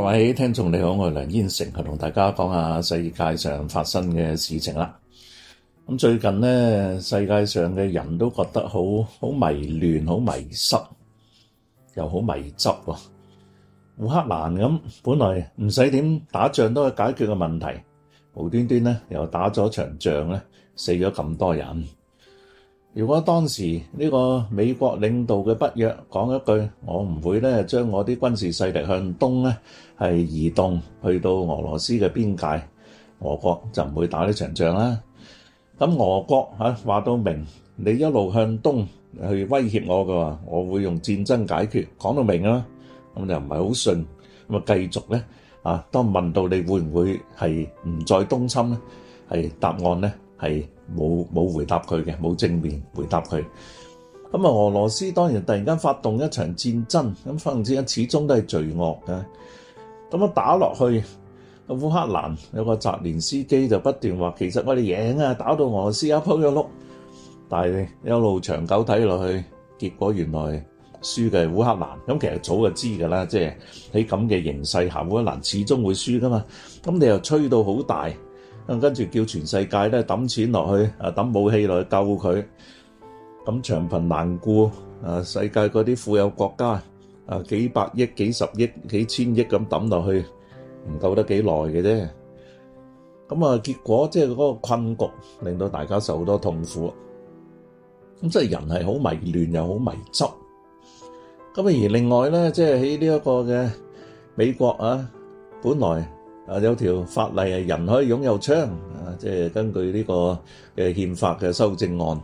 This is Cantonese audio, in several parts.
各位聽眾，你好，我係梁燕成，同大家講下世界上發生嘅事情啦。最近呢，世界上嘅人都覺得好好迷亂、好迷失，又好迷執。烏克蘭咁本來唔使點打仗都去解決嘅問題，無端端呢又打咗場仗，呢死咗咁多人。如果當時呢個美國領導嘅北約講一句，我唔會咧將我啲軍事勢力向東咧係移動去到俄羅斯嘅邊界，俄國就唔會打呢場仗啦。咁俄國呀，話到明，你一路向東去威脅我嘅話，我會用戰爭解決。講到明啊，咁就唔係好信，咁啊繼續咧啊，當問到你會唔會係唔再東侵咧，係答案咧？係冇冇回答佢嘅，冇正面回答佢。咁啊，俄羅斯當然突然間發動一場戰爭，咁突然之間始終都係罪惡㗎。咁啊，打落去，烏克蘭有個澤連斯基就不斷話：其實我哋贏啊，打到俄羅斯一鋪一碌。但係一路長久睇落去，結果原來輸嘅係烏克蘭。咁其實早就知㗎啦，即係喺咁嘅形勢下，烏克蘭始終會輸㗎嘛。咁你又吹到好大。咁跟住叫全世界咧抌錢落去，啊抌武器落去救佢，咁長貧難顧，啊世界嗰啲富有國家，啊幾百億、幾十億、幾千億咁抌落去，唔夠得幾耐嘅啫。咁啊，結果即係嗰個困局令到大家受好多痛苦。咁即係人係好迷亂又好迷執。咁而另外咧，即係喺呢一個嘅美國啊，本來。啊，有條法例係人可以擁有槍，啊，即係根據呢個嘅憲法嘅修正案。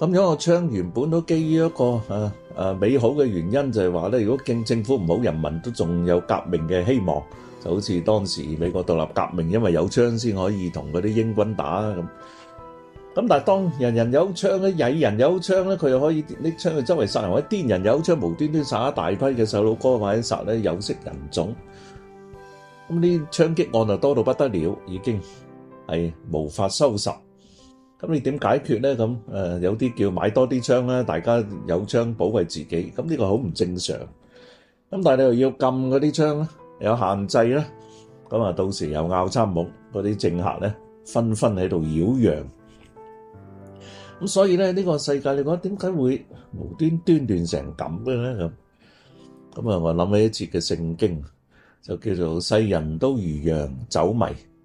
咁樣個槍原本都基於一個啊啊美好嘅原因，就係話咧，如果敬政府唔好，人民都仲有革命嘅希望。就好似當時美國獨立革命，因為有槍先可以同嗰啲英軍打啊咁。咁但係當人人有槍咧，曳人有槍咧，佢又可以拎槍去周圍殺人，或者癲人有槍無端端殺一大批嘅細路哥，或者殺咧有色人種。咁啲槍擊案就多到不得了，已經係無法收拾。咁你點解決咧？咁誒有啲叫買多啲槍啦，大家有槍保衞自己。咁呢個好唔正常。咁但係你又要禁嗰啲槍咧，有限制咧。咁啊，到時又拗參目嗰啲政客咧，紛紛喺度擾攘。咁所以咧，呢個世界你覺得點解會無端端亂成咁嘅咧？咁咁啊，我諗起一節嘅聖經。就叫做世人都如羊走迷，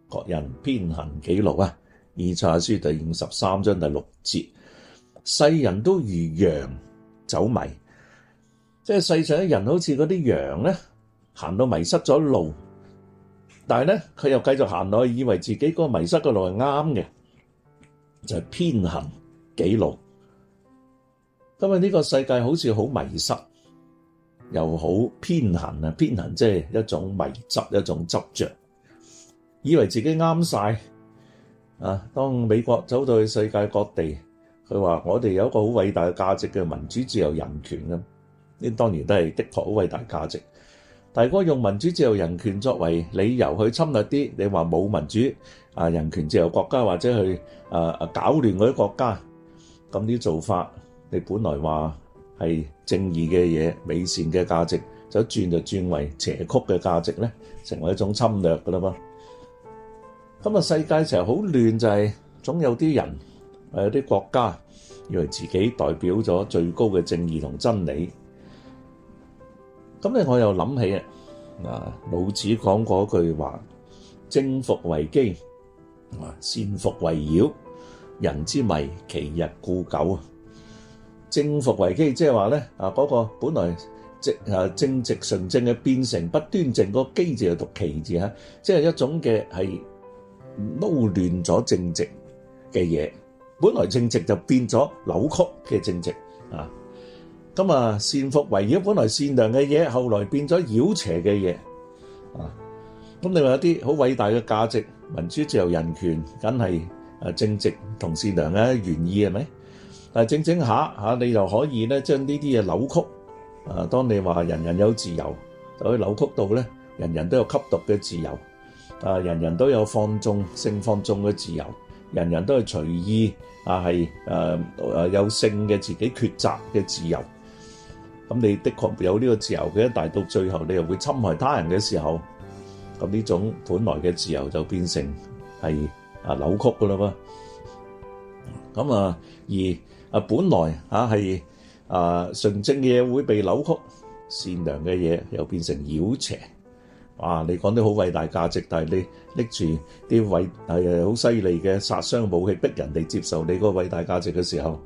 各人偏行己路啊！以查書第五十三章第六節，世人都如羊走迷，即係世上的人好似嗰啲羊呢，行到迷失咗路，但係呢，佢又繼續行落去，以為自己個迷失的路係啱嘅，就係偏行己路。今日呢個世界好似好迷失。又好偏行啊，偏行即係一種迷執，一種執着，以為自己啱晒。啊！當美國走到去世界各地，佢話我哋有一個好偉大嘅價值嘅民主自由人權咁，呢當然都係的確好偉大的價值。但係如果用民主自由人權作為理由去侵略啲你話冇民主啊、人權自由國家，或者去、啊、搞亂嗰啲國家，咁啲做法你本來話。係正義嘅嘢、美善嘅價值，就一轉就轉為邪曲嘅價值呢，成為一種侵略㗎喇嘛。咁啊，世界成日好亂，就係、是、總有啲人，有啲國家以為自己代表咗最高嘅正義同真理。咁咧，我又諗起啊，老子講過一句話：正復為奇，啊，善復為妖，人之迷，其日固久啊！正復為奇，即係話咧啊，嗰個本來正啊正直純正嘅，變成不端正，個機字又讀奇字嚇，即係一種嘅係撈亂咗正直嘅嘢。本來正直就變咗扭曲嘅正直啊。咁啊，善復為妖，本來善良嘅嘢，後來變咗妖邪嘅嘢啊。咁你話一啲好偉大嘅價值，民主自由人權，梗係啊正直同善良嘅原意係咪？但係整整下嚇，你又可以咧將呢啲嘢扭曲啊！當你話人人有自由，就可以扭曲到咧，人人都有吸毒嘅自由，啊，人人都有放縱性放縱嘅自由，人人都係隨意啊，係誒誒有性嘅自己抉擇嘅自由。咁你的確有呢個自由嘅，但到最後你又會侵害他人嘅時候，咁呢種本來嘅自由就變成係啊扭曲噶啦噃。咁啊二。啊，本來嚇係啊純正嘅嘢會被扭曲，善良嘅嘢又變成妖邪。哇！你講啲好偉大價值，但係你拎住啲偉係好犀利嘅殺傷武器，逼人哋接受你嗰個偉大價值嘅時候，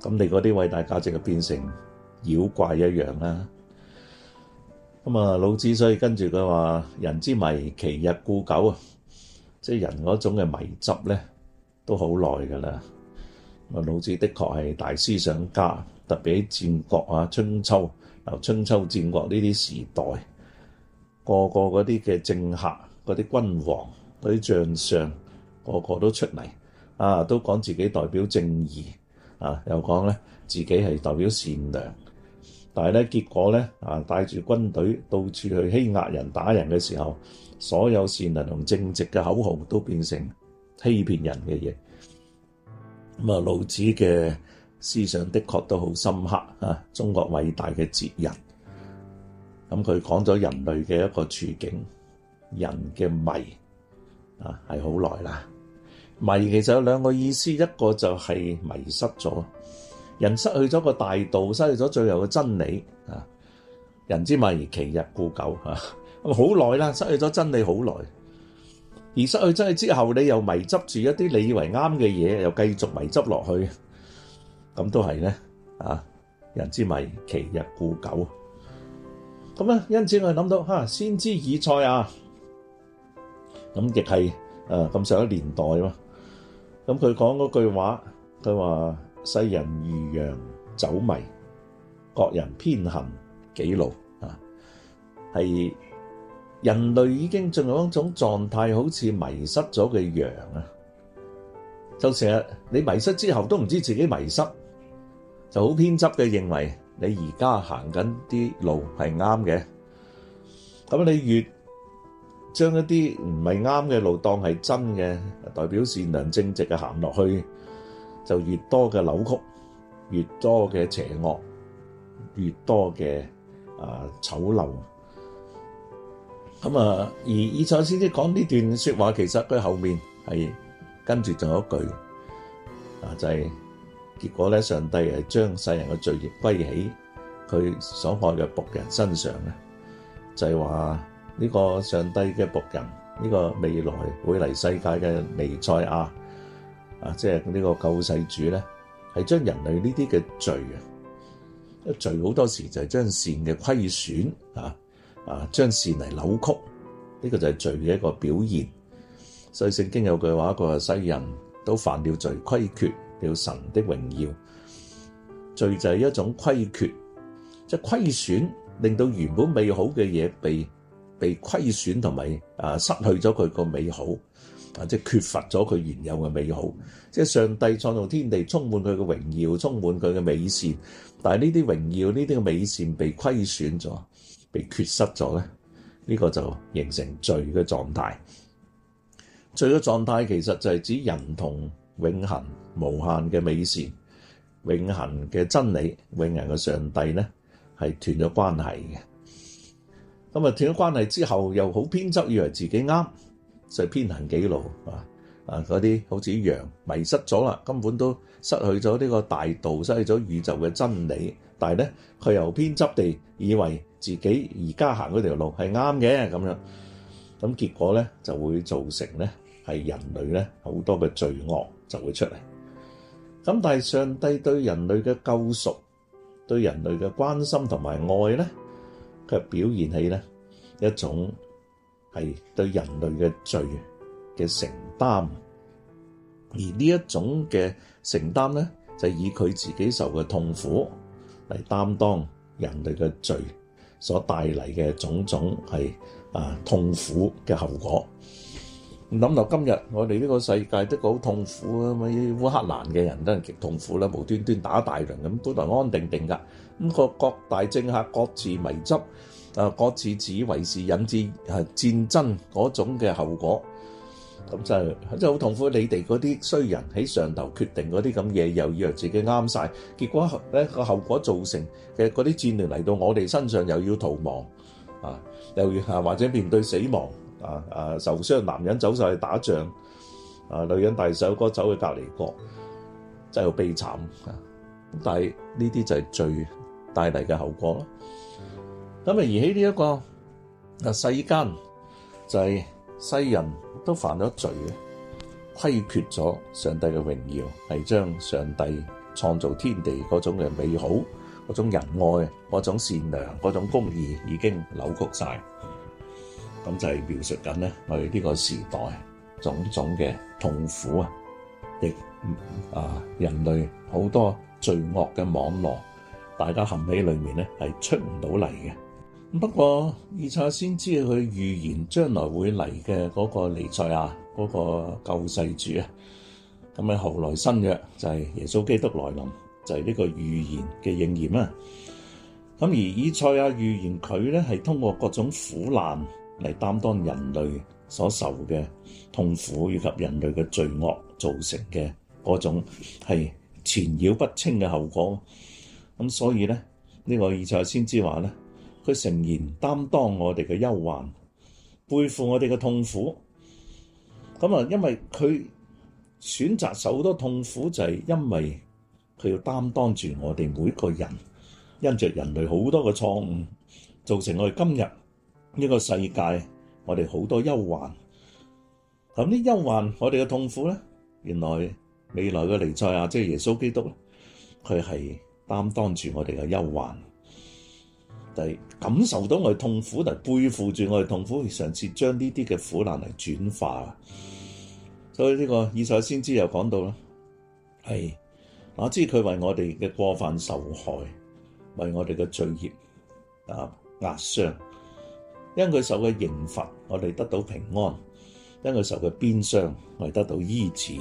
咁你嗰啲偉大價值就變成妖怪一樣啦。咁啊，老子所以跟住佢話：人之迷，其日固久啊！即係人嗰種嘅迷執咧，都好耐㗎啦。老子的確係大思想家，特別喺戰國啊、春秋、由春秋戰國呢啲時代，個個嗰啲嘅政客、嗰啲君王、嗰啲將相，個個都出嚟啊，都講自己代表正義啊，又講咧自己係代表善良。但係咧，結果呢，啊，帶住軍隊到處去欺壓人、打人嘅時候，所有善良同正直嘅口號都變成欺騙人嘅嘢。老子嘅思想的確都好深刻啊！中國偉大嘅哲人，咁佢講咗人類嘅一個處境，人嘅迷啊，係好耐啦。迷其實有兩個意思，一個就係迷失咗，人失去咗個大道，失去咗最後嘅真理啊！人之迷，其日固久啊！好耐啦，失去咗真理很久了，好耐。而失去真係之後，你又迷執住一啲你以為啱嘅嘢，又繼續迷執落去，咁都係咧啊！人之迷，其日固久。咁咧，因此我諗到吓先知以賽啊，咁亦係誒咁上一年代嘛。咁佢講嗰句話，佢話世人如羊走迷，各人偏行己路啊，係。人類已經進入一種狀態，好似迷失咗嘅羊啊！就成日你迷失之後都唔知自己迷失，就好偏執嘅認為你而家行緊啲路係啱嘅。咁你越將一啲唔係啱嘅路當係真嘅，代表善良正直嘅行落去，就越多嘅扭曲，越多嘅邪惡，越多嘅啊醜陋。咁啊，而以賽先先講呢段說話，其實佢後面係跟住就有一句，啊就係、是、結果咧，上帝係將世人嘅罪孽歸喺佢所愛嘅僕人身上呢，就係話呢個上帝嘅僕人，呢、這個未來會嚟世界嘅彌賽亞，啊即係呢個救世主咧，係將人類呢啲嘅罪啊，罪好多時就係將善嘅虧損啊。啊！將善嚟扭曲，呢個就係罪嘅一個表現。所以聖經有句話，佢話世人都犯了罪，虧缺了神的榮耀。罪就係一種虧缺，即係虧損，令到原本美好嘅嘢被被虧損，同埋啊失去咗佢個美好，即係缺乏咗佢原有嘅美好。即係上帝創造天地，充滿佢嘅榮耀，充滿佢嘅美善。但係呢啲榮耀，呢啲嘅美善被虧損咗。被缺失咗咧，呢個就形成罪嘅狀態。罪嘅狀態其實就係指人同永恆無限嘅美善、永恆嘅真理、永恆嘅上帝咧，係斷咗關係嘅。咁啊，斷咗關係之後，又好偏執，以為自己啱，所以偏行己路啊！啊，嗰啲好似啲羊迷失咗啦，根本都失去咗呢個大道，失去咗宇宙嘅真理。但係咧，佢又偏執地以為。自己而家行嗰條路係啱嘅咁樣，咁結果咧就會造成咧係人類咧好多嘅罪惡就會出嚟。咁但係上帝對人類嘅救贖，對人類嘅關心同埋愛咧，佢表現起咧一種係對人類嘅罪嘅承擔，而呢一種嘅承擔咧就以佢自己受嘅痛苦嚟擔當人類嘅罪。所帶嚟嘅種種係啊痛苦嘅後果。諗到今日我哋呢個世界都好痛苦啊！咪啊烏克蘭嘅人都係極痛苦啦，無端端打大輪咁，本來安定定㗎，咁個各大政客各自迷執，啊各自自以為是引致誒戰爭嗰種嘅後果。咁真係真係好痛苦，你哋嗰啲衰人喺上頭決定嗰啲咁嘢，又以為自己啱晒，結果咧個後果造成嘅嗰啲戰亂嚟到我哋身上，又要逃亡啊，又要啊或者面對死亡啊啊受傷，男人走晒去打仗，啊女人帶首歌走去隔離國，真係好悲慘啊！但係呢啲就係最帶嚟嘅後果咯。咁啊而喺呢一個啊世間就係西人。都犯咗罪嘅，虧缺咗上帝嘅榮耀，係將上帝創造天地嗰種嘅美好，嗰種仁愛，嗰種善良，嗰種公義已經扭曲晒，咁就係描述緊咧，我哋呢個時代種種嘅痛苦啊，亦啊人類好多罪惡嘅網絡，大家陷喺裏面呢係出唔到嚟嘅。不過，以賽先知佢預言將來會嚟嘅嗰個尼賽亞嗰個救世主啊，咁喺後來新約就係耶穌基督來臨，就係、是、呢個預言嘅應驗啊。咁而以賽亞預言佢咧係通過各種苦難嚟擔當人類所受嘅痛苦以及人類嘅罪惡造成嘅嗰種係纏繞不清嘅後果。咁所以咧，呢、這個以賽先知話咧。佢承然擔當我哋嘅憂患，背負我哋嘅痛苦。咁啊，因為佢選擇受好多痛苦，就係、是、因為佢要擔當住我哋每一個人，因着人類好多嘅錯誤，造成我哋今日呢個世界，我哋好多憂患。咁啲憂患，我哋嘅痛苦咧，原來未來嘅彌賽亞，即係耶穌基督，佢係擔當住我哋嘅憂患。第、就是、感受到我哋痛苦，嚟背負住我哋痛苦，嘗試將呢啲嘅苦難嚟轉化。所以呢、這個以賽亞先知、哎、知又講到啦，係阿知佢為我哋嘅過犯受害，為我哋嘅罪孽啊壓傷，因佢受嘅刑罰，我哋得到平安；因佢受嘅鞭傷，我哋得到醫治。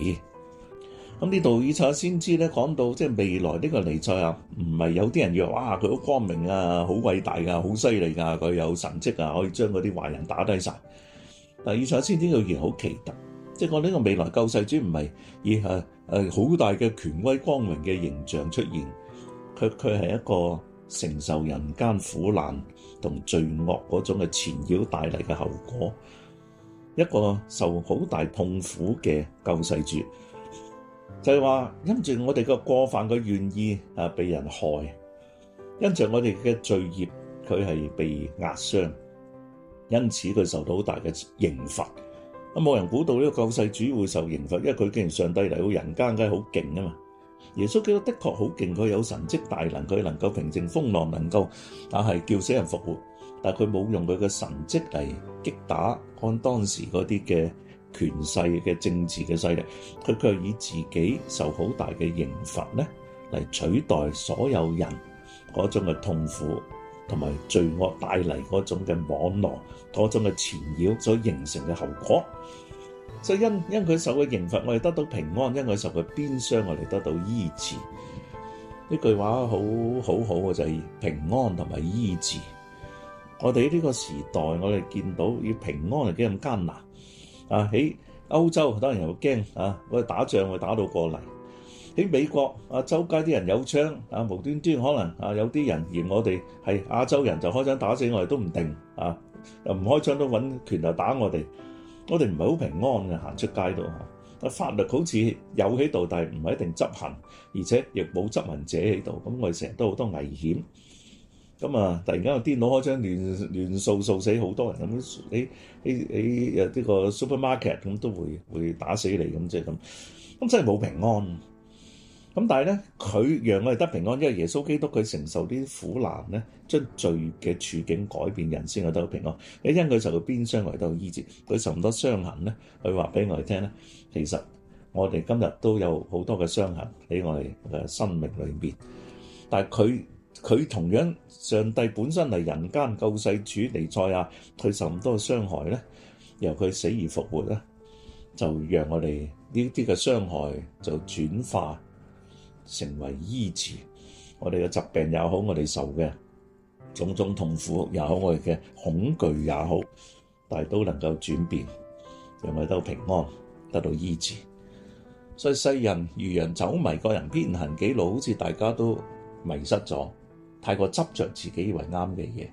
咁呢度以察先知咧，講到即係未來呢個彌賽亞，唔係有啲人以為哇，佢好光明啊，好偉大呀、啊、好犀利呀，佢有神跡啊，可以將嗰啲壞人打低晒。但以察先知嘅言，好奇特，即係講呢個未來救世主唔係以係好大嘅權威、光明嘅形象出現，佢佢係一個承受人間苦難同罪惡嗰種嘅纏繞帶嚟嘅後果，一個受好大痛苦嘅救世主。就係話，因住我哋個過犯佢願意啊，被人害；因住我哋嘅罪孽，佢係被壓傷。因此佢受到好大嘅刑罰。啊，冇人估到呢個救世主會受刑罰，因為佢既然上帝嚟到人間，梗係好勁啊嘛。耶穌基督的確好勁，佢有神蹟大能，佢能夠平靜風浪，能夠但係叫死人復活。但係佢冇用佢嘅神蹟嚟擊打，按當時嗰啲嘅，權勢嘅政治嘅勢力，佢佢卻以自己受好大嘅刑罰咧，嚟取代所有人嗰種嘅痛苦同埋罪惡帶嚟嗰種嘅網絡嗰種嘅纏繞所形成嘅後果。所以因因佢受嘅刑罰，我哋得到平安；因佢受嘅鞭傷，我哋得到醫治。呢句話好好好好好嘅就係平安同埋醫治。我哋呢個時代，我哋見到要平安係幾咁艱難。啊！喺歐洲，多人又驚啊！我哋打仗會打到過嚟喺美國啊，周街啲人有槍啊，無端端可能啊有啲人嫌我哋係亞洲人就開槍打死我哋都唔定啊，又唔開槍都揾拳頭打我哋，我哋唔係好平安嘅行出街度啊。法律好似有喺度，但係唔係一定執行，而且亦冇執民者喺度，咁我哋成日都好多危險。咁啊！突然間有電腦開槍亂亂掃掃死好多人咁，你你你誒呢個 supermarket 咁都會會打死你咁，即係咁，咁真係冇平安。咁但係咧，佢讓我哋得平安，因為耶穌基督佢承受啲苦難咧，將罪嘅處境改變人先可以得平安。你聽佢受到鞭傷為到醫治，佢受唔多傷痕咧，佢話俾我哋聽咧，其實我哋今日都有好多嘅傷痕喺我哋嘅生命裏面，但係佢。佢同樣，上帝本身係人間救世主以賽亞。佢受咁多嘅傷害咧，由佢死而復活咧，就讓我哋呢啲嘅傷害就轉化成為醫治我哋嘅疾病也好，我哋受嘅種種痛苦也好，我哋嘅恐懼也好，但係都能夠轉變，讓佢都平安得到醫治。所以世人如羊走迷，各人偏行己路，好似大家都迷失咗。太過執着自己以為啱嘅嘢，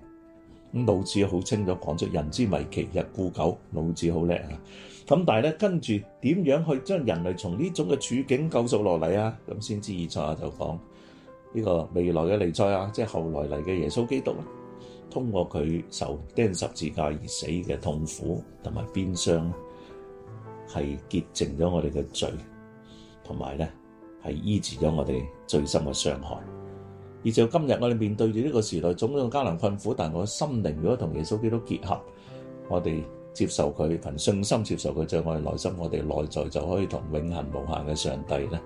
咁老子好清楚講出人之迷，其日固久，老子好叻啊！咁但係咧，跟住點樣去將人類從呢種嘅處境救贖落嚟啊？咁先知以賽亞就講呢、這個未來嘅彌賽亞，即係後來嚟嘅耶穌基督咧，通過佢受釘十字架而死嘅痛苦同埋鞭傷，係潔淨咗我哋嘅罪，同埋咧係醫治咗我哋最深嘅傷害。而就今日，我哋面對住呢個時代，種種艱難困苦，但係我心靈如果同耶穌基督結合，我哋接受佢，憑信心接受佢，在我哋內心，我哋內在就可以同永恆無限嘅上帝咧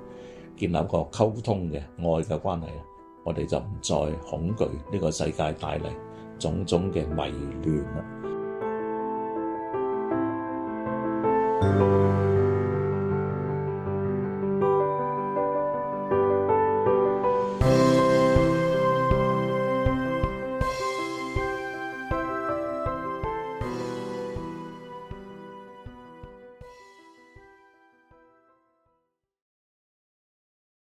建立一個溝通嘅愛嘅關係，我哋就唔再恐懼呢個世界帶嚟種種嘅迷亂啦。